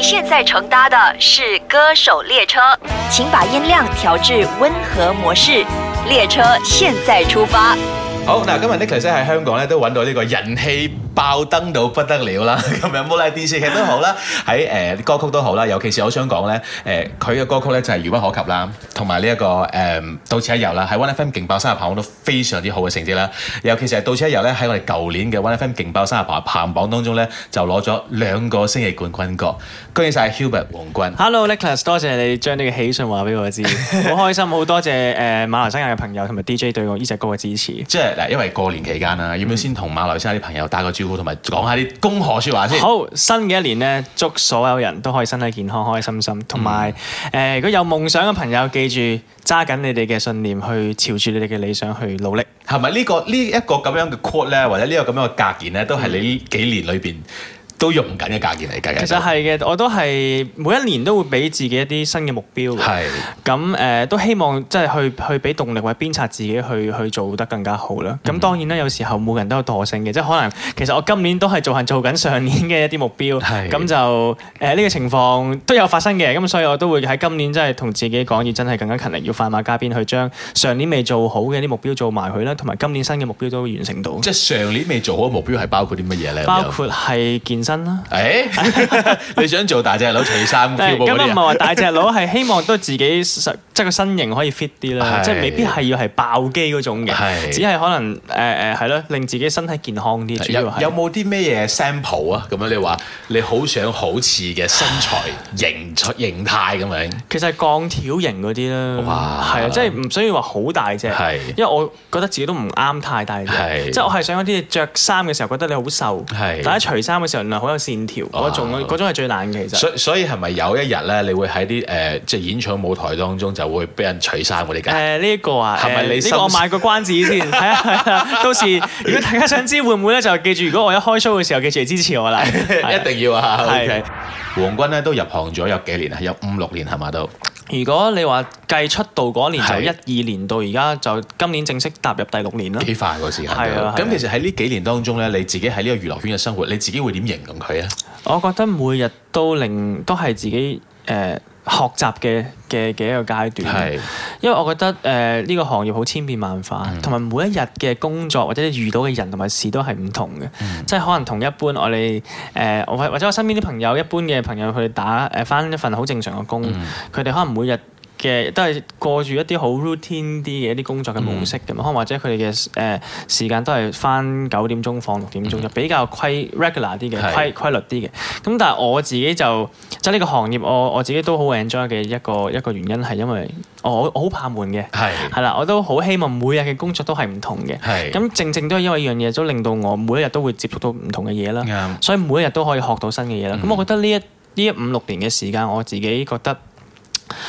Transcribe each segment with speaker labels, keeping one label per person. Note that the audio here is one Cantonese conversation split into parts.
Speaker 1: 你現在乘搭的是歌手列車，請把音量調至溫和模式，列車現在出發。
Speaker 2: 好，嗱，今日 Nicholas 喺香港咧都揾到呢個人氣，爆燈到不得了啦！咁樣無論係電視劇都好啦，喺誒、 呃、歌曲都好啦。尤其是我想講咧，誒佢嘅歌曲咧就係、是、遙不可及啦。同埋呢一個誒、嗯、到此一遊啦，喺 One FM 勁爆生日排行榜都非常之好嘅成績啦。尤其是係到此一遊咧，喺我哋舊年嘅 One FM 勁爆生日排行榜當中咧，
Speaker 1: 就攞咗兩個星期冠軍歌，恭喜晒 Hubert 王君。Hello Nicholas，多謝你將呢個喜訊話俾我知，好 開心，好多謝誒、呃、馬來西亞嘅朋友同埋 DJ 對我呢隻歌嘅支持。即係嗱，因為過年期間啊，要唔要先同馬來西亞啲朋友打個招呼？嗯 同埋講下啲恭賀説話先。好，新嘅一年呢，祝所有人都可以身體健康，開開心心。同埋誒，如果有夢想嘅朋友，記住揸緊你哋嘅信念，去朝住你哋嘅理想去努力。係咪、這個這個、呢個呢一個咁樣嘅 quote 咧，或者呢個咁樣嘅格言咧，都係你呢幾年裏邊？都用
Speaker 2: 緊嘅價錢嚟
Speaker 1: 計計。其實係嘅，我都係每一年都會俾自己一啲新嘅目標。係是。咁誒、呃、都希望即係去去俾動力或者鞭策自己去去做得更加好啦。咁、嗯、當然啦，有時候每人都有惰性嘅，即係可能其實我今年都係做係做緊上年嘅一啲目標。咁是就誒呢、呃這個情況都有發生嘅。咁所以我都會喺今年即係同自己講要真係更加勤力，要快馬加鞭去將上年未做好嘅啲目標做埋佢啦，同埋今年新嘅目標都會完成到。即係上年未做好嘅目標係包括啲乜嘢咧？包括係健。真啦，欸、 你想做大隻佬除衫跳步嗰啲？咁又唔係話大隻佬，係 希望都自己即係個身形可以 fit 啲啦，即係未必係要係爆肌嗰種嘅，只係可能誒誒係咯，令自己身體健康啲主要係。有冇啲咩嘢 sample
Speaker 2: 啊？咁樣你話你好想好似嘅身材形形態咁樣。
Speaker 1: 其實係鋼條型嗰啲啦，係啊，即係唔需要話好大隻，因為我覺得自己都唔啱太大隻，即係我係想嗰啲着衫嘅時候覺得你好瘦，但係除衫嘅時候又好有線條，嗰種嗰種係最難嘅其實。所所以係咪有一日咧，你會喺啲誒
Speaker 2: 即係演唱舞台當中就？會俾人取衫我哋噶？
Speaker 1: 誒，呢個啊，係咪你先？我買個關子先，係啊，係啊。到時如果大家想知會唔會咧，就記住，如果我一開 show 嘅時候，記住嚟支持我
Speaker 2: 啦。一定要啊，係。鴻鈞咧都入行咗有幾年啦，有五六年係嘛都。
Speaker 1: 如果你話計出道嗰年就一二年到而家就今年正式踏入第六年啦。幾快喎時間？係啊。咁其實
Speaker 2: 喺呢幾年當中咧，你自己喺呢個娛樂圈嘅生活，你自己會點形容佢咧？
Speaker 1: 我覺得每日都令都係自己誒。學習嘅嘅嘅一個階段，是因為我覺得誒呢、呃呢個行業好千變萬化，同埋、嗯、每一日嘅工作，或者遇到嘅人同埋事都係唔同嘅，嗯、即係可能同一般我哋誒、呃、或者我身邊啲朋友一般嘅朋友去打誒翻、呃、一份好正常嘅工，佢哋、嗯、可能每日。嘅都係過住一啲好 routine 啲嘅一啲工作嘅模式嘅嘛，或者佢哋嘅誒時間都係返九點鐘放六點鐘，就、嗯、比較規 regular 啲嘅規規律啲嘅。咁是 但係我自己就即係呢個行業，我我自己都好 enjoy 嘅一個一個原因係因為我好怕悶嘅，係啦是，我都好希望每日嘅工作都係唔同嘅。咁是的 正正都係因為一樣嘢，都令到我每一日都會接觸到唔同嘅嘢啦。對 所以每一日都可以學到新嘅嘢啦。咁對 我覺得呢一呢一五六年嘅時間，我自己覺得。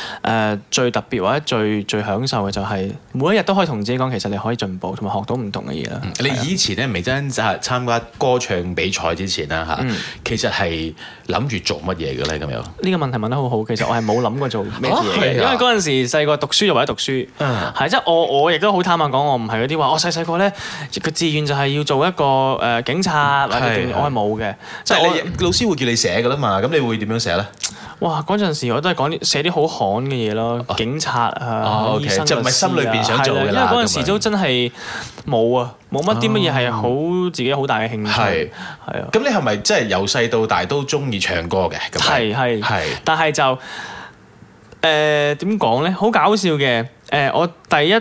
Speaker 1: 誒、呃、最特別或者最最享受嘅就係每一日都可以同自己講，其實你可以進步同埋學到唔同嘅嘢啦。嗯啊、你以
Speaker 2: 前咧未真係參加歌唱比賽之前啦嚇，嗯、
Speaker 1: 其實係諗住做乜嘢嘅咧咁樣？呢個問題問得好好，其實我係冇諗過做咩嘢、 啊，啊、因為嗰陣時細個讀書又或者讀書，係即係我我亦都好坦白講，我唔係嗰啲話我細細個咧佢志願就係要做一個誒警察，嗯啊、我係冇嘅。即係你、嗯、老師會叫你寫㗎啦嘛，咁你會點樣寫咧？哇！嗰陣時我都係講啲寫啲好寒。講嘅嘢咯，警察啊，其實就唔係心裏邊想做嘅，因為嗰陣時都真係冇啊，冇乜啲乜嘢係好自己好大嘅興趣。係係啊，咁你係咪真係由細到大都中意唱歌嘅？係係係，但係就誒點講咧？好搞笑嘅，誒我第一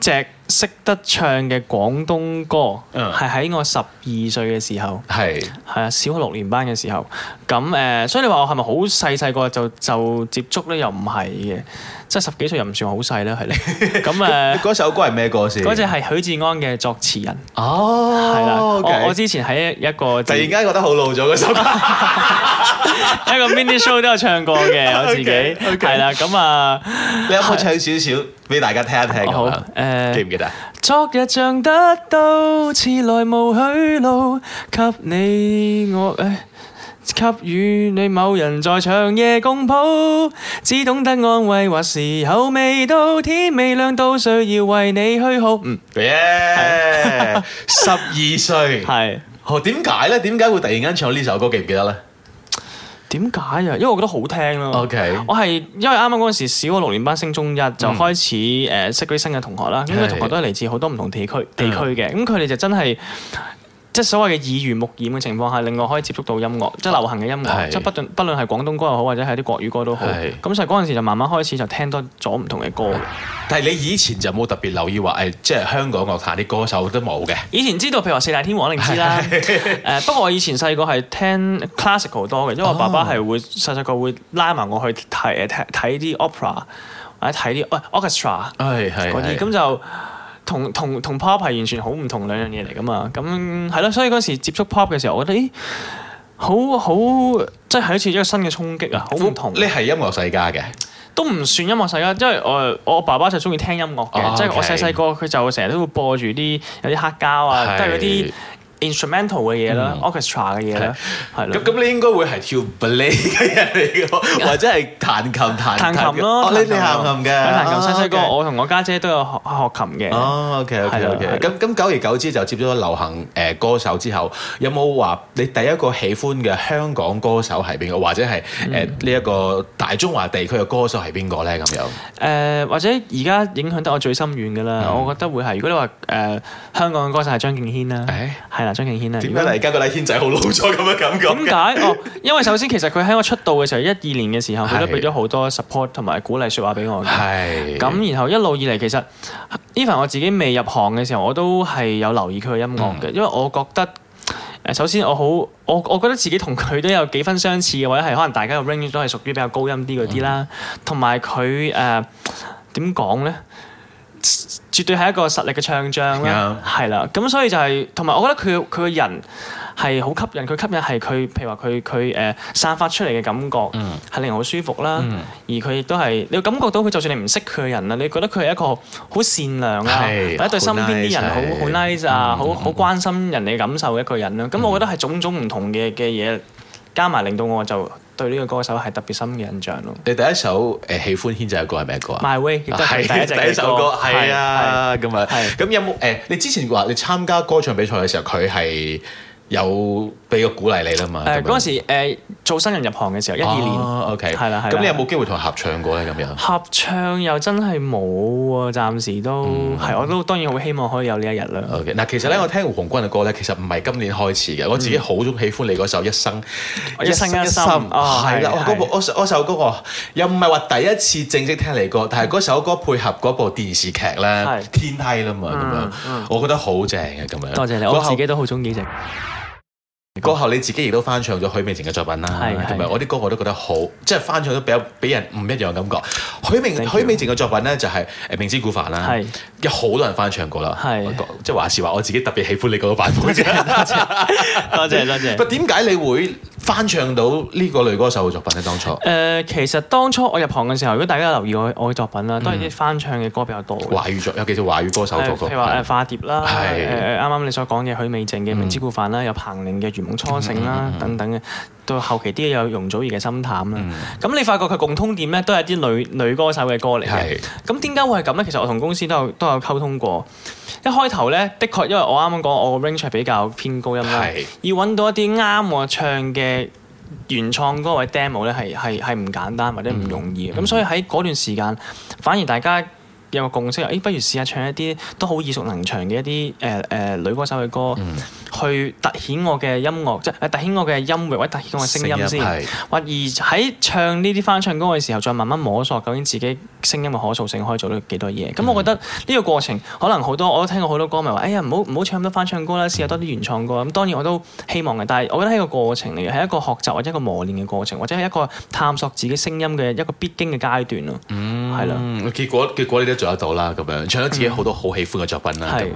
Speaker 1: 隻。識得唱嘅廣東歌，係喺我十二歲嘅時候，係係啊，小學六年班嘅時候，咁誒，所以你話我係咪好細細個就就接觸咧？又唔係嘅，即係十幾歲又唔算好細啦，係你，咁誒，嗰首歌係咩歌先？嗰隻係許志安嘅作詞人。哦，係啦，我之前喺一個突然間覺得好老咗嗰首歌，喺個 mini show 都有唱過嘅我自己，
Speaker 2: 係啦。咁啊，你有冇唱少少俾大家聽一聽好？誒
Speaker 1: 昨日像得到，刺來無去路，給你我誒，給予你某人在長夜共抱，只懂得安慰話時候未到，天未亮都需要為你虛耗。
Speaker 2: 嗯，十二歲，係，點解呢？點解會突然
Speaker 1: 間唱呢首歌？記唔記得呢？點解啊？因為我覺得好聽咯。Okay. 我係因為啱啱嗰陣時小學六年班升中一，就開始誒、嗯 uh, 識啲新嘅同學啦。咁啲同學都係嚟自好多唔同地區地區嘅。咁佢哋就真係。即係所謂嘅耳濡目染嘅情況下，令我可以接觸到音樂，即係流行嘅音樂，即係不論不論係廣東歌又好，或者係啲國語歌都好。咁所以嗰陣時就慢慢開始就聽多咗唔同嘅歌。但
Speaker 2: 係你以前就冇特別留意話，誒，即係香港樂壇啲歌手都冇嘅。
Speaker 1: 以前知道，譬如話四大天王，你知啦。誒，不過我以前細個係聽 classical 多嘅，因為我爸爸係會細細個會拉埋我去睇誒睇啲 opera 或者睇啲 orchestra，嗰啲咁就。同同同 pop 係完全好唔同兩樣嘢嚟㗎嘛，咁係咯，所以嗰時接觸 pop 嘅時候，我覺得，咦，好好即係好似一個新嘅衝擊啊，好唔同。你係音樂世家嘅？都唔算音樂世家，因為我我爸爸就中意聽音樂嘅，即係、oh, okay. 我細細個佢就成日都會播住啲有啲黑膠啊，即係嗰啲。instrumental 嘅嘢啦，orchestra 嘅嘢啦，係啦。咁咁，你應該會係跳 ballet 嘅人嚟嘅，或者係彈琴彈彈琴咯。你你彈琴嘅，彈琴。細細個我同我家姐都有學學琴嘅。哦，OK
Speaker 2: OK OK。咁咁，久而久之就接咗流行誒歌手之後，有冇話你第一個喜歡嘅香港歌手係邊個，或者係誒呢一個大中華地區嘅歌手係邊個咧？咁樣，
Speaker 1: 誒，或者而家影響得我最深遠嘅啦，我覺得會係，如果你話誒香港嘅歌手係張敬軒啦，係啦。張敬軒啊？點解嚟？而家個禮軒仔好老咗咁嘅感覺？點解？哦，因為首先其實佢喺我出道嘅時候，一二 年嘅時候，佢都俾咗好多 support 同埋鼓勵説話俾我。係。咁然後一路以嚟，其實 even 我自己未入行嘅時候，我都係有留意佢嘅音樂嘅，因為我覺得誒，首先我好，我我覺得自己同佢都有幾分相似嘅，或者係可能大家嘅 range 都係屬於比較高音啲嗰啲啦。同埋佢誒點講咧？呃絕對係一個實力嘅唱將啦，係啦 Yeah.，咁所以就係同埋我覺得佢佢個人係好吸引，佢吸引係佢譬如話佢佢誒散發出嚟嘅感覺係令人好舒服啦，Yeah. 而佢亦都係你會感覺到佢就算你唔識佢嘅人啦，你覺得佢係一個好善良啊，或者 Yeah. 對身邊啲人好好 nice 啊，好好 Yeah. 關心人哋感受嘅一個人啦，咁 Yeah. 我覺得係種種唔同嘅嘅嘢。加埋令到我就對呢個歌手係特別深嘅印象咯。你第一首誒、呃、喜歡軒仔嘅歌係咩歌啊？My Way 係第一首歌，係啊咁啊。咁有
Speaker 2: 冇誒、呃？你之前話你參加歌唱比賽嘅時候，佢係有俾個鼓勵
Speaker 1: 你啦嘛？誒嗰陣時、呃做新人入行嘅時候，一二年，OK，係啦，係咁你有冇機會同佢合唱過咧？咁樣合唱又真係冇喎，暫時都係，我都當然好希望可以有呢一日啦。OK，
Speaker 2: 嗱，其實咧，我聽胡鴻鈞嘅歌咧，其實唔係今年開始嘅，我自己好中喜歡你嗰首《一生一生一心》，係嗰部我首嗰個又唔係話第一次正式聽你歌，但係嗰首歌配合嗰部電視劇咧，天梯啦嘛咁樣，我覺得好正嘅咁樣。多謝你，我自己都好中意嘅。過後你自己亦都翻唱咗許美靜嘅作品啦，同埋是的 我啲歌我都覺得好，即係翻唱都比較俾人唔一樣感覺。許明許美靜嘅 Thank you. 作品咧就係誒明知故犯啦，是的 有好多人翻唱過啦是的，即係話是話我自己特別喜歡你嗰個版本，多謝多謝。 但係點解你會？翻唱到呢個女歌手嘅作品咧、啊，當初
Speaker 1: 誒、呃，其實當初我入行嘅時候，如果大家留意我我嘅作品啦，都係啲翻唱嘅歌比較多、嗯，華語作有幾隻華語歌手作譬、呃、如話誒化蝶啦，誒啱啱你所講嘅許美靜嘅明知故犯啦，有彭羚嘅如夢初醒啦、嗯嗯嗯、等等嘅，到後期啲有容祖兒嘅心淡啦，咁、嗯、你發覺佢共通點咧，都係啲女女歌手嘅歌嚟嘅，咁點解會係咁咧？其實我同公司都有都有溝通過。一開頭咧，的確因為我啱啱講我 range 係比較偏高音啦，要揾是到一啲啱我唱嘅原創歌或者 demo 咧，係係係唔簡單或者唔容易嘅。咁、嗯、所以喺嗰段時間，嗯、反而大家有個共識，誒不如試下唱一啲都好耳熟能詳嘅一啲誒誒女歌手嘅歌。嗯去突顯我嘅音樂，即係突顯我嘅音域，或者突顯我嘅聲音先。音或而，喺唱呢啲翻唱歌嘅時候，再慢慢摸索究竟自己聲音嘅可塑性可以做到幾多嘢。咁、嗯、我覺得呢個過程可能好多我都聽過好多歌，咪、就、話、是：哎呀，唔好唔好唱咁多翻唱歌啦，試下多啲原創歌。咁當然我都希望嘅，但係我覺得係一個過程嚟嘅，係一個學習或者一個磨練嘅過程，或者係一個探索自己聲音嘅一個必經嘅階段咯。嗯的，係啦。
Speaker 2: 結果結果你都做得到啦，咁樣唱咗自己好多好喜歡嘅作品啦，樣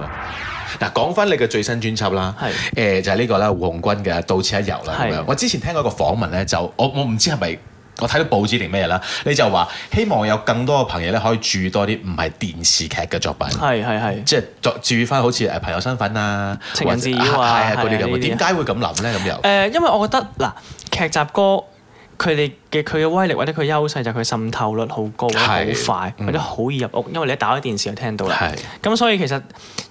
Speaker 2: 嗱，講翻你嘅最新專輯啦，誒是、呃、就係、是、呢、這個啦，胡鴻鈞嘅《到此一遊》啦是。我之前聽過一個訪問咧，就我我唔知係咪我睇到報紙定咩啦，你就話希望有更多嘅朋友咧可以注意多啲唔係電視劇嘅作品，
Speaker 1: 係係係，即係注
Speaker 2: 注翻好似誒朋友身份者啊、情人之啊嗰啲咁。點解會咁諗
Speaker 1: 咧？咁又誒，因為我覺得嗱劇集歌。佢哋嘅佢嘅威力或者佢優勢就係佢滲透率好高，好是快，或者好易入屋，因為你一打開電視就聽到啦。咁是所以其實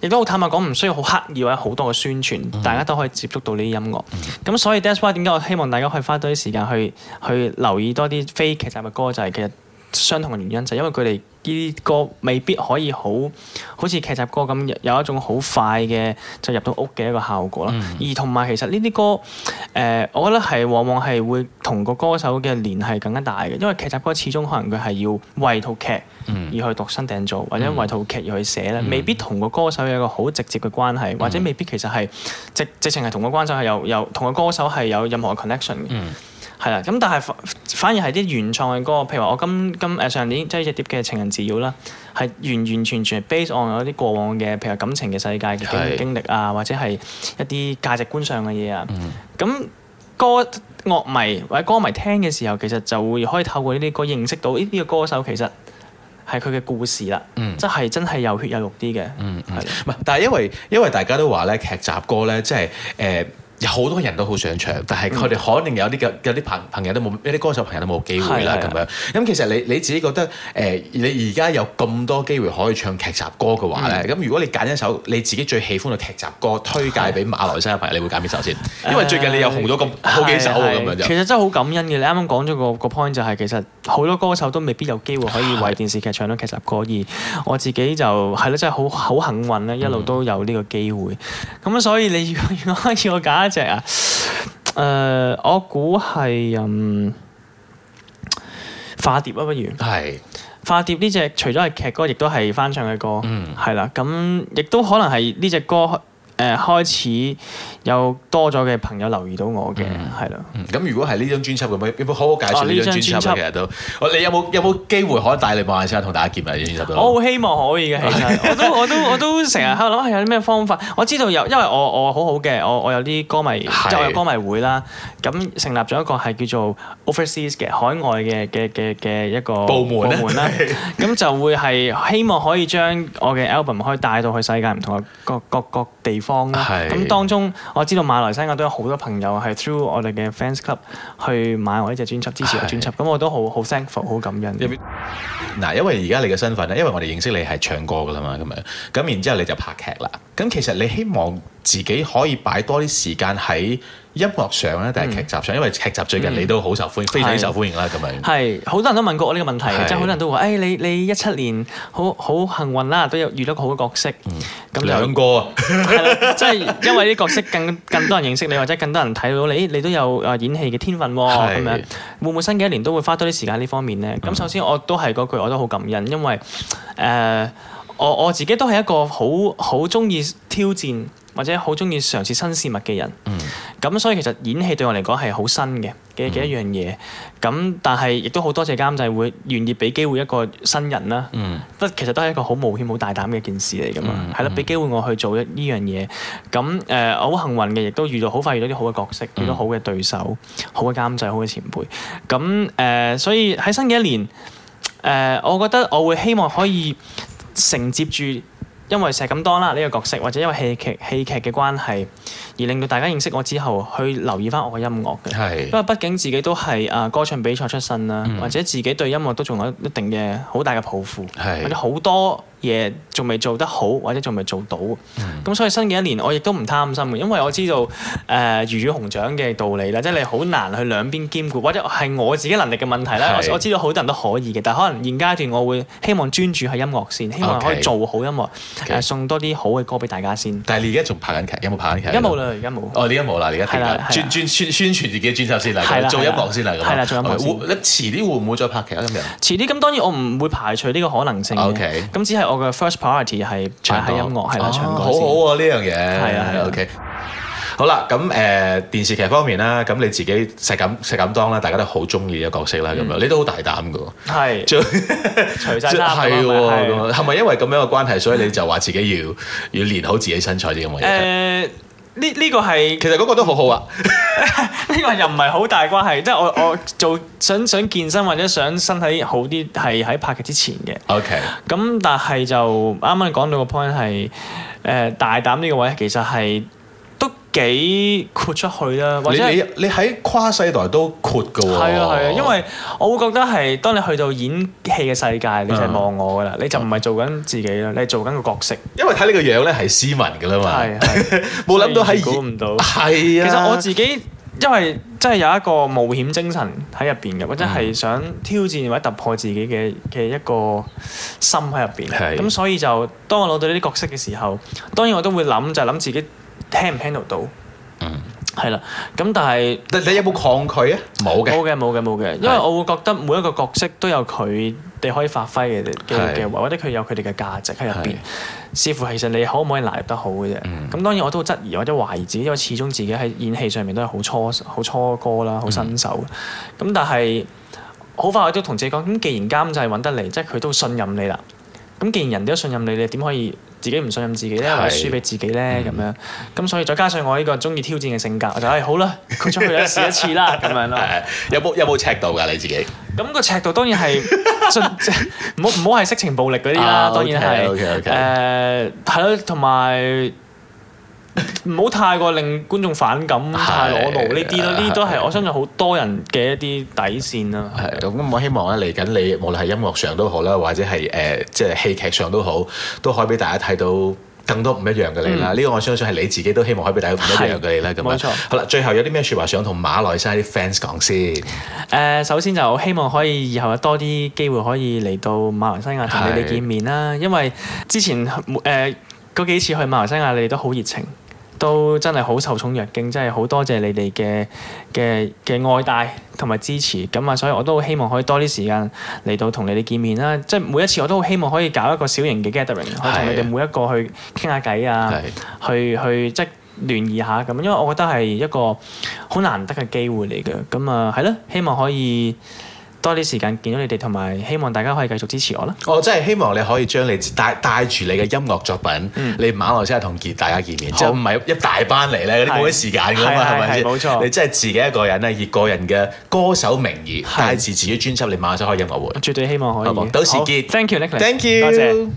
Speaker 1: 亦都好坦白講，唔需要好刻意或者好多嘅宣傳，大家都可以接觸到呢啲音樂。咁、嗯、所以 that's why 點解我希望大家可以花多啲時間去去留意多啲非劇集嘅歌，就係、是、其實相同嘅原因，就係、是、因為佢哋。呢個未必可以好，好似劇集歌咁，有一種好快嘅就入到屋嘅一個效果啦。嗯、而同埋其實呢啲歌，誒、呃，我覺得係往往係會同個歌手嘅聯繫更加大嘅，因為劇集歌始終可能佢係要為套劇而去獨身訂做，嗯、或者為套劇而去寫咧，嗯、未必同個歌手有一個好直接嘅關係，嗯、或者未必其實係直直情係同個歌手係有有同個歌手係有任何嘅 connection 嘅、嗯。係啦，咁但係反而係啲原創嘅歌，譬如話我今今誒、呃、上年即係一碟嘅《情人自擾》啦，係完完全全 base on 嗰啲過往嘅，譬如感情嘅世界嘅經歷啊，的或者係一啲價值觀上嘅嘢啊。咁、嗯、歌樂迷或者歌迷聽嘅時候，其實就會可以透過呢啲歌認識到，呢啲個歌手其實係佢嘅故事啦、嗯嗯。嗯，即係真係有血有肉啲嘅。嗯，
Speaker 2: 但係因為因為大家都話咧劇集歌咧，即係誒。呃有好多人都好想唱，但係佢哋可能有啲嘅有啲朋朋友都冇，一啲歌手朋友都冇機會啦咁是的 樣。咁其實你你自己覺得誒、呃，你而家有咁多機會可以唱劇集歌嘅話咧，咁、嗯、如果你揀一首你自己最喜歡嘅劇集歌推介俾馬來西亞朋友，是的 你會揀邊首先？因為最近你又紅咗咁好幾首咁樣是的 其
Speaker 1: 實真係好感恩嘅，你啱啱講咗個、嗰個 point 就係其實，好多歌手都未必有機會可以為電視劇唱到劇集歌，而是的 我自己就係咯，真係好好幸運咧，一路都有呢個機會。咁、嗯、所以你要如，如果要我揀一隻啊，誒、呃，我估係《化、嗯、蝶》啊，不如。係是的。化蝶呢隻除咗係劇歌，亦都係翻唱嘅歌，嗯，係啦，咁亦都可能係呢隻歌誒、呃、開始。有多咗嘅朋友留意到我嘅，係咯。咁如果係呢張專輯嘅，有冇好好介紹呢張專輯啊？呢張專輯其實都，我你有冇有冇
Speaker 2: 機會可以帶你望下先同大家見埋呢
Speaker 1: 張專輯都？我好希望可以嘅，係啊！我都我都我都成日喺度諗，係有啲咩方法？我知道有，因為我我好好嘅，我我有啲歌迷，即係我有歌迷會啦。咁成立咗一個係叫做 Overseas 嘅海外嘅嘅嘅嘅一個部門咧。咁就會係希望可以將我嘅 album 可以帶到去世界唔同嘅各各個地方啦。咁當中。我知道馬來西亞都有好多朋友係 through 我哋嘅 fans club 去買我呢隻專輯支持我專輯，咁的我都好好 thankful 好感恩。
Speaker 2: 嗱，因為而家你嘅身份咧，因為我哋認識你係唱歌噶啦嘛，咁樣，咁然之後你就拍劇啦。咁其實你希望自己可以擺多啲時間喺。音樂上咧，定係劇集上？嗯、因為劇集最近你都好受歡迎，嗯、非常受歡迎啦。咁是樣
Speaker 1: 係好多人都問過我呢個問題，即係好多人都話，誒、哎，你你一七年好好幸運啦，都有遇到個好嘅角色。咁、嗯、就兩個，即 係、就是、因為呢啲角色更更多人認識你，或者更多人睇到你，你都有演戲嘅天分喎。咁樣會唔會新嘅一年都會花多啲時間呢方面呢？咁、嗯、首先我都係嗰句，我都好感恩，因為誒、呃、我我自己都係一個好好鍾意挑戰。或者好中意嘗試新事物嘅人，咁、嗯、所以其實演戲對我嚟講係好新嘅嘅嘅一樣嘢。咁、嗯、但係亦都好多謝監製會願意俾機會一個新人啦。不、嗯、其實都係一個好冒險、好大膽嘅一件事嚟㗎嘛。係啦、嗯，俾、嗯、機會我去做一呢樣嘢。咁誒，我、呃、好幸運嘅，亦都遇到好快遇到啲好嘅角色，嗯、遇到好嘅對手、好嘅監製、好嘅前輩。咁誒、呃，所以喺新嘅一年，誒、呃，我覺得我會希望可以承接住。因為石咁多啦，呢個角色，或者因為戲劇、戲劇嘅關係，而令到大家認識我之後，去留意翻我嘅音樂嘅。係是，因為畢竟自己都係歌唱比賽出身啦，嗯、或者自己對音樂都仲有一定嘅、好大嘅抱負，是或者好多。嘢仲未做得好，或者仲未做到，咁所以新嘅一年我亦都唔貪心嘅，因為我知道誒魚與熊掌嘅道理啦，即係你好難去兩邊兼顧，或者係我自己能力嘅問題啦。我知道好多人都可以嘅，但可能現階段我會希望專注喺音樂先，希望可以做好音樂，送多啲好嘅歌俾大家先。但係你而家仲拍緊劇，有冇拍緊劇？而家冇啦，而家冇。哦，你而家冇啦，而家轉轉宣
Speaker 2: 傳自己專輯先啦，做音樂先啦。係做音樂先。會，
Speaker 1: 你遲啲會唔會再拍劇？他嘅嘢？遲啲咁當然我唔會排除呢個可能性，咁只係。我嘅 first priority 係唱下音樂，係唱歌，好好
Speaker 2: 喎呢樣嘢。係啊，OK。好啦，咁誒電視劇方面啦，咁你自己石錦石錦當啦，大家都好中意嘅角色啦，咁樣你都好大膽嘅喎。係，除
Speaker 1: 晒，衫。係喎，係咪
Speaker 2: 因為咁樣嘅關係，所以你就話自己要要練好自己身材啲咁嘅
Speaker 1: 嘢？呢呢、呢個係其實嗰個都好好啊，呢 個又唔係好大關係，即係 我我做想想健身或者想身體好啲係喺拍劇之前嘅。OK，咁但係就啱啱講到個 point 係誒大膽呢個位其實係。幾豁出去啦，或者你你喺跨世
Speaker 2: 代都闊
Speaker 1: 噶喎。係啊係啊，因為我會覺得係當你去到演戲嘅世界，嗯、你就望我噶啦，你就唔係做緊自己啦，嗯、你係做緊個角色。因為睇呢個樣咧係
Speaker 2: 斯文噶啦嘛，
Speaker 1: 冇諗 到係估唔到。係啊，其實我自己因為真係有一個冒險精神喺入邊嘅，嗯、或者係想挑戰或者突破自己嘅嘅一個心喺入邊。咁，所以就當我攞到呢啲角色嘅時候，當然我都會諗就諗、係、自己。聽唔聽到到，嗯，係啦，咁但係，但你有冇抗拒啊？冇嘅，冇嘅，冇嘅，因為我會覺得每一個角色都有佢哋可以發揮嘅嘅嘅，是或者佢有佢哋嘅價值喺入邊。是視乎其實你可唔可以拿入得好嘅啫。咁、嗯、當然我都好質疑，或者懷疑自己，因為始終自己喺演戲上面都係好初好初哥啦，好新手。咁、嗯、但係好快我都同自己講，咁既然監製揾得嚟，即係佢都信任你啦。咁既然人哋都信任你，你點可以？自己唔信任自己咧，或者輸俾自己咧咁的、嗯、樣，咁所以再加上我呢個中意挑戰嘅性格，我就誒好啦，佢出去試一次
Speaker 2: 啦咁樣咯 樣。有冇有冇尺度㗎你自己？
Speaker 1: 咁個尺度當然係唔好唔好係色情暴力嗰啲啦， 當然係誒係咯，同埋、okay, okay , okay. 呃。唔好太過令觀眾反感，太裸露呢啲咯，呢都係我相信好多人嘅一啲底線啦。係，咁我希望咧嚟緊你，無論係音樂
Speaker 2: 上都好啦，或者係誒即係戲劇上都好，都可以俾大家睇到更多唔一樣嘅你啦。呢個我相信係你自己都希望可以俾大家睇到唔一樣嘅你啦。咁冇錯，好啦，最後有啲咩説話想同馬
Speaker 1: 來西亞啲 fans 講先？誒，首先就希望可以以後有多啲機會可以嚟到馬來西亞同你哋見面啦，因為之前誒嗰幾次去馬來西亞，你哋都好熱情。都真係好受寵若驚，真係好多謝你哋嘅嘅嘅愛戴同埋支持，咁啊，所以我都好希望可以多啲時間嚟到同你哋見面啦。即係每一次我都好希望可以搞一個小型嘅 gathering，可以同的你哋每一個去傾下偈啊，的去去即係聯誼下咁。因為我覺得係一個好難得嘅機會嚟嘅，咁啊係咯，希望可以。多啲時間見到你哋，同埋希望大家可以繼續支持我啦。我真係希望你可以將你帶帶住你嘅音樂作品，你馬來西
Speaker 2: 亞同傑大家見面。即係唔係一大班嚟咧？你冇啲時間㗎嘛，係咪先？冇錯，你真係自己一個人咧，以個人嘅歌手名義帶住自己專輯你馬來西亞開音樂會。絕對希望可以。好，到時見，thank you，thank you。